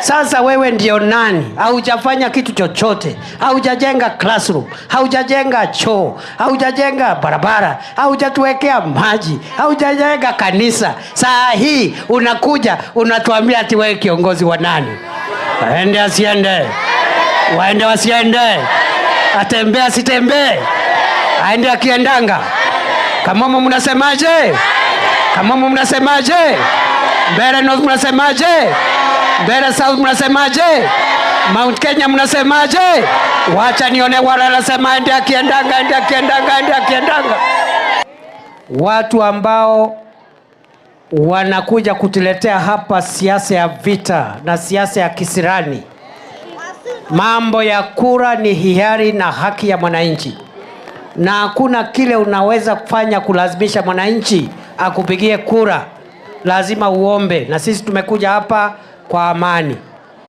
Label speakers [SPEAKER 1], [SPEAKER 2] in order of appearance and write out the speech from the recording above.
[SPEAKER 1] Sasa wewe ndio nani? Haujafanya kitu chochote, haujajenga classroom, haujajenga choo, haujajenga barabara, haujatuwekea maji, haujajenga kanisa. Saa hii unakuja unatuambia ati wewe kiongozi wa nani? Aende asiende, waende wasiende, atembee asitembee, aende akiendanga. Kamomo mnasemaje? Kamomo mnasemaje? Mbeere North mnasemaje? Mbeere South mnasemaje? Mount Kenya mnasemaje? Wacha nione wale wanasema ende akiendanga, ndio akiendanga, ndio akiendanga.
[SPEAKER 2] Watu ambao wanakuja kutuletea hapa siasa ya vita na siasa ya kisirani. Mambo ya kura ni hiari na haki ya mwananchi, na hakuna kile unaweza kufanya kulazimisha mwananchi akupigie kura lazima uombe, na sisi tumekuja hapa kwa amani.